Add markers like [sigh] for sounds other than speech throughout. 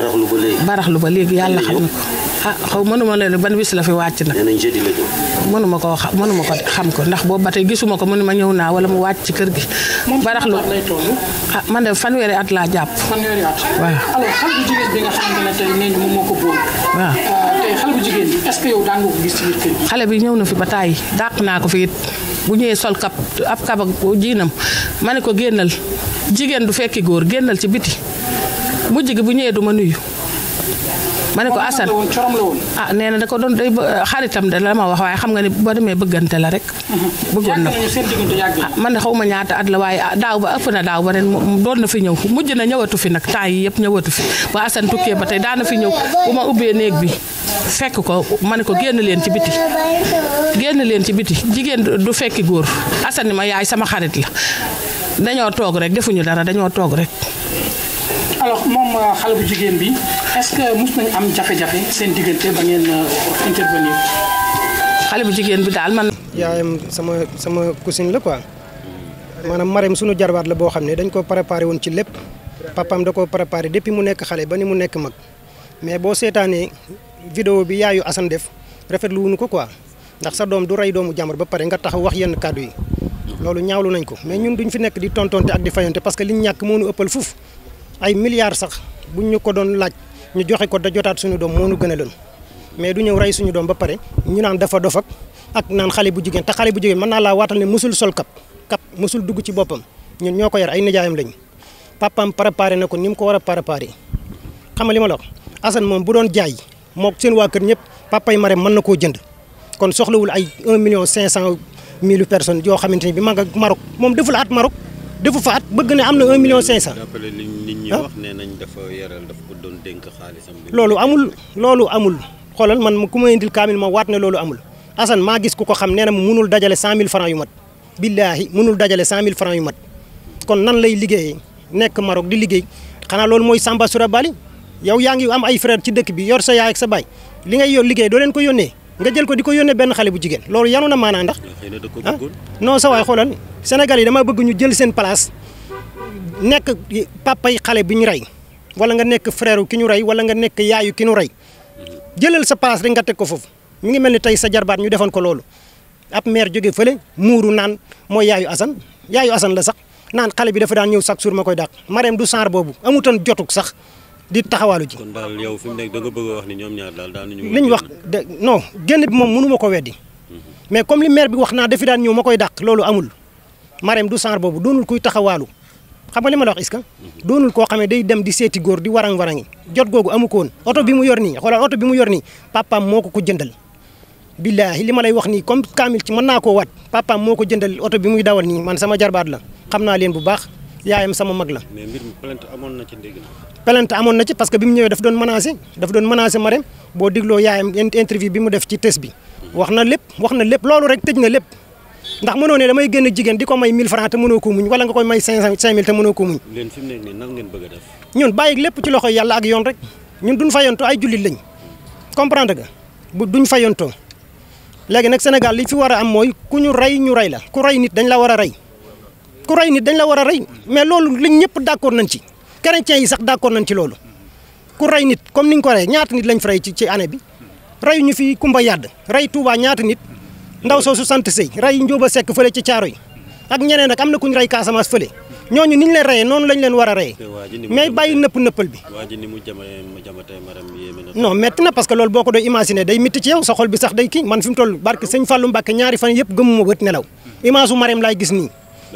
baraxlu ba léegi. ba léegi yàlla xam na ko. ah xaw mënuma leen ban bis la fi wàcc na nee mënuma koo mënuma ko xam ko ndax boobu ba tey gisuma ko ma ñëw naa wala mu wàcc ci kër gi. baraxlu ah man de fanweeri at laa jàpp. fanweeri at. Euh, xale bi ñëw na fi ba tàyyi dàq naa ko fi it bu ñëwee sol kap ab kaba jiinam ma ne ko génnal jigéen du fekki góor génnal ci biti mujj gi bu ñëwee du ma nuyu. ma ne ko Assane ah nee na da ko doon day euh, xaritam de la ma wax waaye xam nga ni boo demee bëggante la rek. Mm-hmm. bëggoon na ah, man de xaw ma ñaata at la waaye ah, daaw ba ëpp na daaw ba ren doon na fi ñëw mujj na ñëwatu fi nag temps yi yëpp ñëwatu fi ba Assane tukkee ba tey daana fi ñëw bu ma ubbee néeg bi fekk ko ma ne ko génn leen ci biti génn leen ci biti jigéen du fekki góor Assane ma yaay sama xarit la dañoo toog rek defuñu dara dañoo toog rek. alors moom euh, xale bu jigéen bi est-ce que mus nañ am jafe-jafe seen diggante ba ngeen euh, intervenir. xale bu jigéen bi daal man. yaayam sama sama cousine la ko quoi maanaam Marème sunu jarbaat la boo xam ne dañ ko préparé woon ci lépp papaam da ko préparé depuis mu nekk xale ba ni mu nekk mag mais boo seetaanee vidéo bi yaayu Assane def rafetlu wuñu ko quoi ndax sa doom du rey doomu jàmbur ba pare nga taxaw wax yenn kàddu yi loolu ñaawlu nañ ko mais ñun duñ fi nekk ay milliards sax buñ ñu ko doon laaj ñu joxe ko da jotaat suñu doom moo nu gën a mais du ñëw rey suñu doom ba pare ñu naan dafa dof ak naan xale bu jigéen te xale bu jigéen mën naa laa waatal ne musul sol kap kap musul dugg ci boppam ñun ñoo ko yar ay nijaayam lañu papaam préparé na ko ni mu ko war a préparé xam nga li ma la wax Assane moom bu doon jaay moog seen waa kër ñëpp papay mare mën na koo jënd kon soxlawul ay 1 million 500 mille personnes yoo xamante ni bi ma nga Maroc moom deful at Maroc. defu fa at bëgg na am na un million cinq cent. d'après li nit ah. loolu amul loolu amul xoolal man ku ma indil kaamil ma waat ne loolu amul Assane maa gis ku ko xam nee na mu munul dajale cent mille francs yu mat billaahi munul dajale cent mille francs yu mat kon nan lay liggéeye nekk Maroc di liggéey xanaa loolu mooy Samba Surabali yow yaa ngi am ay frère ci dëkk bi yor sa yaay ak sa baay li ngay yor liggéey doo leen ko yónnee. nga jël ko di ko yónnee benn xale bu jigéen loolu yanu na maanaa ndax ah non sa waay xoolal Sénégal yi dama bëgg ñu jël seen place nekk papay xale bi ñu rey wala nga nekk frère ki ñu rey wala nga nekk yaayu ki ñu jëlal sa place rek nga teg ko foofu mu ngi mel ni tey sa jarbaat ñu defoon ko loolu ab maire jóge fële muuru naan mooy yaayu Assane yaayu Assane la sax naan xale bi dafa daan ñëw chaque jour ma koy dàq Marème du saar boobu amutoon jotuk sax di taxawaalu ji. kon a wax ni ñoom ñaar daal daanuñu. li ñu wax de non génn bi moom mënu ma ko weddi. Mhm. mais comme li maire bi wax naa dafi daan ñëw ma koy dàq loolu amul. Marème du genre boobu doonul koy taxawaalu xam nga li ma la wax est-ce mhm. doonul koo xamee day dem di seeti góor di warang warangi jot googu amu ko woon oto bi mu yor nii xoolal oto bi mu yor ni papaam moo ko ko jëndal. billaahi li ma lay wax nii comme kaamil ci mën naa koo waat papaam moo ko jëndal oto bi muy dawal nii man sama jarbaat la xam naa leen bu baax yaayam sama mag la. mais mbir mi amoon na ci ndégg na ci parce que bi mu ñëwee daf doon menacé daf doon menacé Marème boo digloo yaayam interview bi mu def ci test bi. wax na lépp wax na lépp loolu rek tëj na lépp ndax mënoo ne damay génn jigéen di ko may 1000 francs te mënoo ko muñ wala nga koy may 500 5000 te mënoo ko muñ. leen fi mu nekk nii nan ngeen bëgg a def. ñun bàyyi lépp ci loxo yàlla ak yoon rek ñun duñ fayonto ay jullit lañ comprendre nga du ñu fayonto léegi nag Sénégal li fi war a am mooy ku ñu rey ñu rey la ku rey nit dañ la war a rey ku rey nit dañ la war a rey mais loolu liñ ñëpp d'accord nañ ci chrétiens yi sax d'accord nañ ci loolu ku rey nit comme ni ñu ko rey ñaata nit lañ fa rey ci ci année bi rey ñu fi Kumba Yàdd rey Touba ñaata nit ndaw soosu sant sëy rey Njóoba Sekk fële ci caaro yi ak ñeneen ak am na ku ñu rey Casamance fële ñooñu ni ñu leen reyee noonu lañ leen war a reyee mais bàyyi nëpp nëppal bi non métti na parce que loolu boo ko doon imaginer day métti ci yow sa bi sax day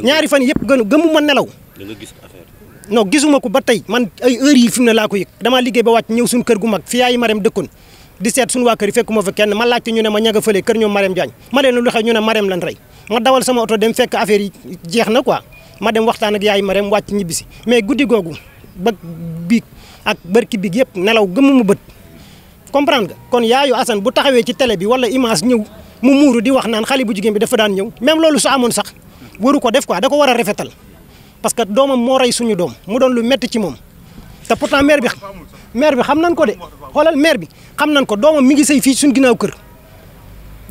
ñaari fan yëpp gënu gëmu ma nelaw. da nga gis affaire non gisuma ko ba tey man ay heures yi fi mu laa ko yëg dama liggéey ba wàcc ñëw suñu kër gu mag fi yaay Marème dëkkoon di seet suñu waa kër yi fekkuma fa kenn ma laajte ñu ne ma ña nga fële kër ñoom Marème Diagne ma ñu ne Marème lan rey ma dawal sama oto dem fekk affaire yi jeex na ko ma dem waxtaan ak yaay Marème wàcc ñibbisi mais guddi googu ba biig ak bërki biig yëpp nelaw gëmuma bët comprendre nga kon yaayu Assane bu taxawee ci télé bi wala image ñëw mu muuru di wax naan xale bu jigéen bi dafa daan ñëw même loolu su amoon sax waru ko def ko da ko war a rafetal parce que doomam moo rey suñu doom mu doon loo métti ci moom te pourtant maire bi maire bi xam nañ ko de xoolal maire bi xam nañ ko doomam mi ngi sëy fii suñu ginnaaw kër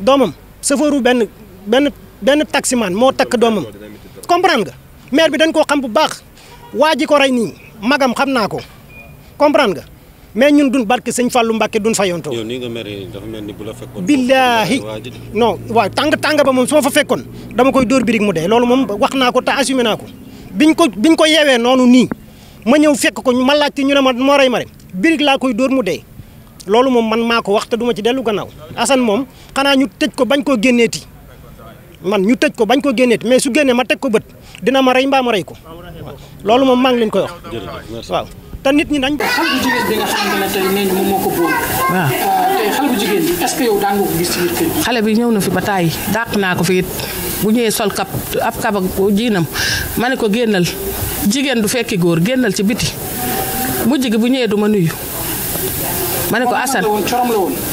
doomam chauffeur benn benn benn taximan moo takk doomam comprendre ga maire bi dañ koo xam bu baax waa ji ko rey nii magam xam naa ko comprendre ga mais ñun duñ barke sëñ Fallou Mbacke duñ fayonto yow ni nga mer dafa mel billaahi non waaw tàng tàng ba moom su ma fa fekkoon dama koy dóor birig mu dee loolu moom wax naa ko te assumé naa ko biñ ko biñ ko yeewee noonu nii ma ñëw fekk ko ma laajte ñu ne ma moo rey ma rek laa koy dóor mu dee. loolu moom man maa ko wax te du ci dellu gannaaw Assane moom xanaa ñu tëj ko bañ koo génneeti man ñu tëj ko bañ koo génneeti mais su génnee ma teg ko bët dina ma rey mbaa ma rey ko waaw loolu moom man ngi leen koy wax te nit ñi nañ euh, xale bi ñëw na fi ba tàyyi dàq naa ko fi it bu ñëwee sol kap ab kaba jiinam ma ne ko génnal jigéen du fekki góor génnal ci biti mujj gi bu ñëwee du ma nuyu. ma ne ko Assane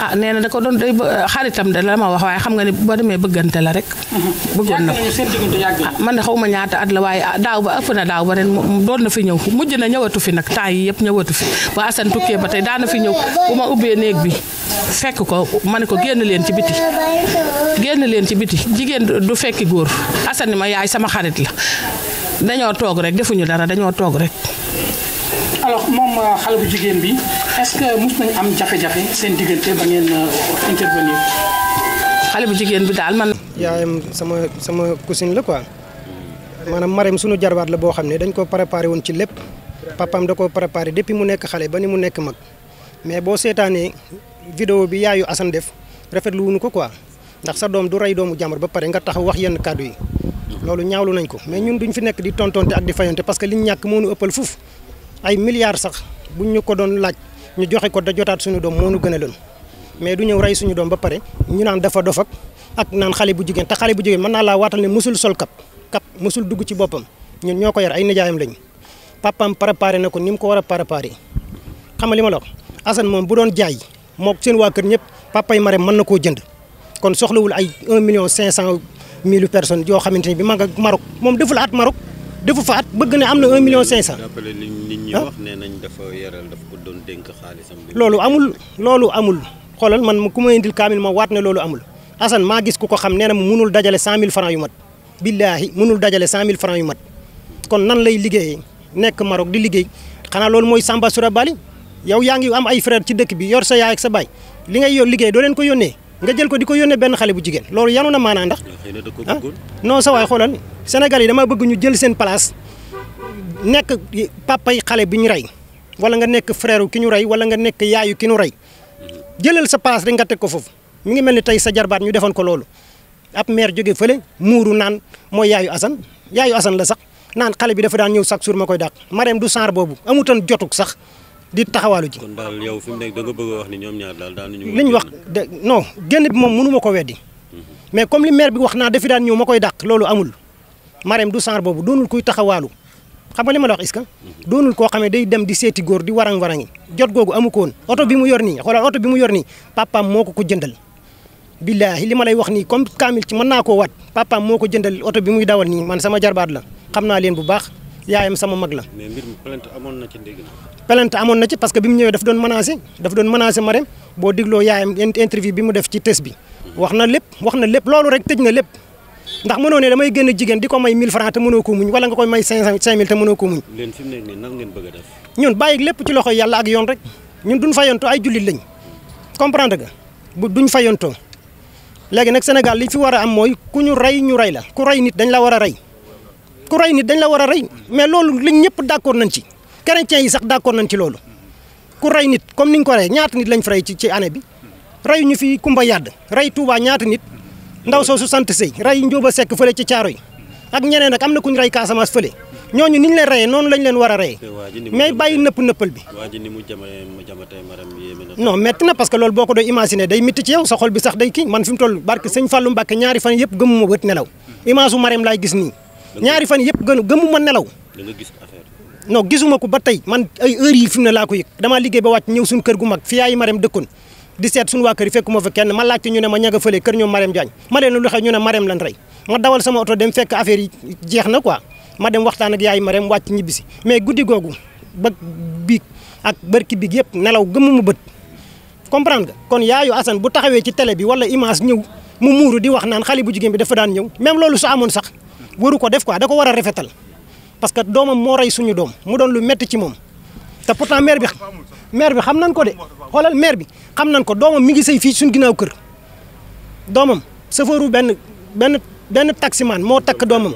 ah nee na da ko doon day ah, xaritam da la ma wax waaye xam nga ni boo demee bëggante la rek [laughs] bëggoon na ah, man de xaw ma ñaata at la waaye ah, daaw ba ëpp na daaw ba ren doon na fi ñëw mujj na ñëwatu fi nag temps yi yëpp ñëwatu fi ba Assane tukkee ba tey daana fi ñëw bu ma ubbee néeg bi fekk ko ma ne ko génn leen ci biti génn leen ci biti jigéen du fekki góor Assane ma yaay sama xarit la dañoo toog rek defuñu dara dañoo toog rek bi est-ce que nañ am jafe-jafe seen diggante ba ngeen euh, intervenir. xale bu jigéen bi daal man. yaayam sama sama cousine la ko quoi maanaam Marème sunu jarbaat la boo xam ne dañ ko préparé woon ci lépp papaam da ko préparé depuis mu nekk xale ba ni mu nekk mag mais boo seetaanee vidéo bi yaayu Assane def rafetlu wuñu ko quoi ndax sa doom du rey doomu jàmbur ba pare nga taxaw wax yenn kàddu yi. loolu ñaawlu nañ ko mais ñun ñu fi nekk di tontonte ak di fayante parce que liñ ñàkk moo ñu ëppal ay milliards sax buñ ko doon laaj. ñu joxe ko da jotaat suñu doom moo nu gën a mais du ñëw rey suñu doom ba pare ñu naan dafa dofak ak naan xale bu jigéen te xale bu jigéen mën naa laa waatal ne musul sol kap kap musul dugg ci boppam ñun ñoo ko yar ay nijaayam lañu papaam préparé na ko ni mu ko war a préparé xam nga li ma la assan moom bu doon jaay moog seen waa kër ñëpp papay mare mën na koo jënd kon soxlawul ay 1 million 500 mille personnes yoo xamante ni bi mag ak Maroc moom deful at Maroc defu fa at bëgg na am na un million cinq cent. d'après li nit ñi ah. wax nee loolu amul loolu amul xoolal man ku ma indil kaamil ma waat ne loolu amul Assane maa gis ku ko xam nee na mu munul dajale cent mille francs yu mat billaahi munul dajale cent mille francs yu mat kon nan lay liggéeye nekk Maroc di liggéey xanaa loolu mooy Samba Sura Bali yow yaa ngi am ay frère ci dëkk bi yor sa yaay ak sa baay li ngay yor liggéey doo leen ko yónnee. nga jël ko di ko yónnee benn xale bu jigéen loolu yanu na maanaa ndax ah, ah non sa waay xoolal Sénégal yi dama bëgg ñu jël seen place nekk papa xale bi ñu rey wala nga nekk freeru ki ñu rey wala nga nekk yaayu ki ñu rey jëlal sa place rek nga teg ko foofu mu ngi mel ni tey sa jarbaat ñu defoon ko loolu ab maire jóge fële muuru naan mooy yaayu Assane yaayu Assane la sax naan xale bi dafa daan ñëw chaque jour ma koy dàq Marème du saar boobu amutoon jotug sax di taxawaalu ji. kon daal yow fi mu nekk da nga bëgg wax ni ñoom ñaar daal daanuñu. li ñu wax de non génn bi moom mënu ma ko weddi. Mhm. mais comme li maire bi wax naa dafi daan ñëw ma koy daq loolu amul. Marème du genre boobu doonul koy taxawaalu xam nga li ma la wax est-ce mhm. doonul koo xamee day dem di seeti góor di warang warangi jot googu amu ko woon oto bi mu yor nii xoolal oto bi mu yor nii papaam moo ko ko jëndal. billaahi li ma lay wax nii comme kaamil ci mën naa koo waat papaam moo ko jëndal oto bi muy dawal nii man sama jarbaat la xam naa leen bu baax yaayam sama mag la. mais mbir mi amoon na ci amoon na ci parce que bi mu ñëwee daf doon menacé daf doon menacé Marème boo digloo yaayam interview bi mu def ci test bi. wax na lépp wax na lépp loolu rek tëj na lépp ndax mënoo ne damay gën a jigéen di ko may 1000 francs te mënoo ko muñ wala nga koy may 500 5000 te mënoo muñ. a def. ñun bàyyi lépp ci loxo yàlla ak yoon rek ñun duñ fayonto ay jullit lañ comprendre nga bu duñ fayonto léegi nag Sénégal li fi war a am mooy ku ñu rey ñu rey la ku rey nit dañ la war a rey ku rey nit dañ la war a rey mais loolu li ñëpp d'accord nañ ci chrétiens yi sax d'accord nañ ci loolu ku rey nit comme ni ko rey ñaata nit lañ fa rey ci ci année bi rey ñu fi Kumba Yàdd rey Touba ñaata nit ndaw soosu sant sëy rey Njóoba Sekk fële ci caaro yi ak ñeneen ak am na ku rey Casamance fële ñooñu ni ñu leen reyee noonu lañ leen war a reyee mais bàyyi nëpp nëppal bi non metti na parce que loolu boo ko doon imaginer day mitti ci yow sa bi sax day ñaari fan yëpp gënu gëmu ma nelaw. da nga gis affaire gisuma ko ba tey man ay heures yi ne laa ko yëg dama liggéey ba wàcc ñëw suñu kër gu mag fi yaay Marème dëkkoon di seet suñu waa kër yi fekkuma fa kenn ma laajte ñu ne ma ñaga fële kër ñoom Marème Diagne ma leen lu xew ñu ne Marème lan ma dawal sama oto dem fekk affaire yi jeex na ko ma dem waxtaan ak yaay Marème wàcc ñibbisi mais guddi googu ba biig ak bërki biig yëpp nelaw gëmuma bët comprend nga kon yaayu Assane bu taxawee ci télé bi wala image ñëw mu muuru di wax naan xale bu jigéen bi dafa ñëw même loolu su amoon sax waru ko def ko da ko war a rafetal parce que doomam moo rey suñu doom mu doon lu metti ci moom te pourtant maire bi maire bi xam nañ ko de xoolal maire bi xam nañ ko doomam mi ngi sëy fii suñu ginnaaw kër doomam chauffeur benn benn benn taximan moo takk doomam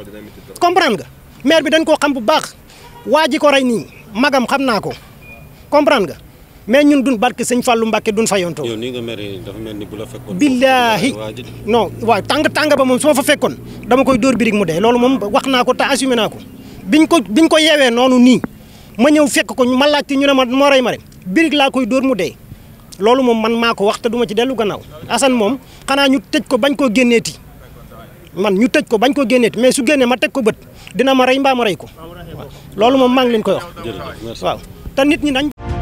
comprendre nga maire bi dañ koo xam bu baax waa ji ko rey ni magam xam naa ko comprendre ga mais ñun duñ barke sëñ Fallou Mbacke duñ fayonto yow ni nga mer dafa mel ni bu la fekkoon. billaahi non waaw tàng tàng ba moom su ma fa fekkoon dama koy dóor birig mu dee loolu moom wax naa ko te naa ko biñ ko biñ ko yeewee noonu nii ma ñëw fekk ko ma laajte ñu ne ma moo rey ma rek birig laa koy dóor mu dee. loolu moom man maa ko wax te du ci dellu gannaaw Assane moom xanaa ñu tëj ko bañ koo génneeti man ñu tëj ko bañ koo génneeti mais su génnee ma teg ko bët dina ma rey mbaa ma rey ko loolu moom maa ngi leen koy wax waaw nit ñi nañ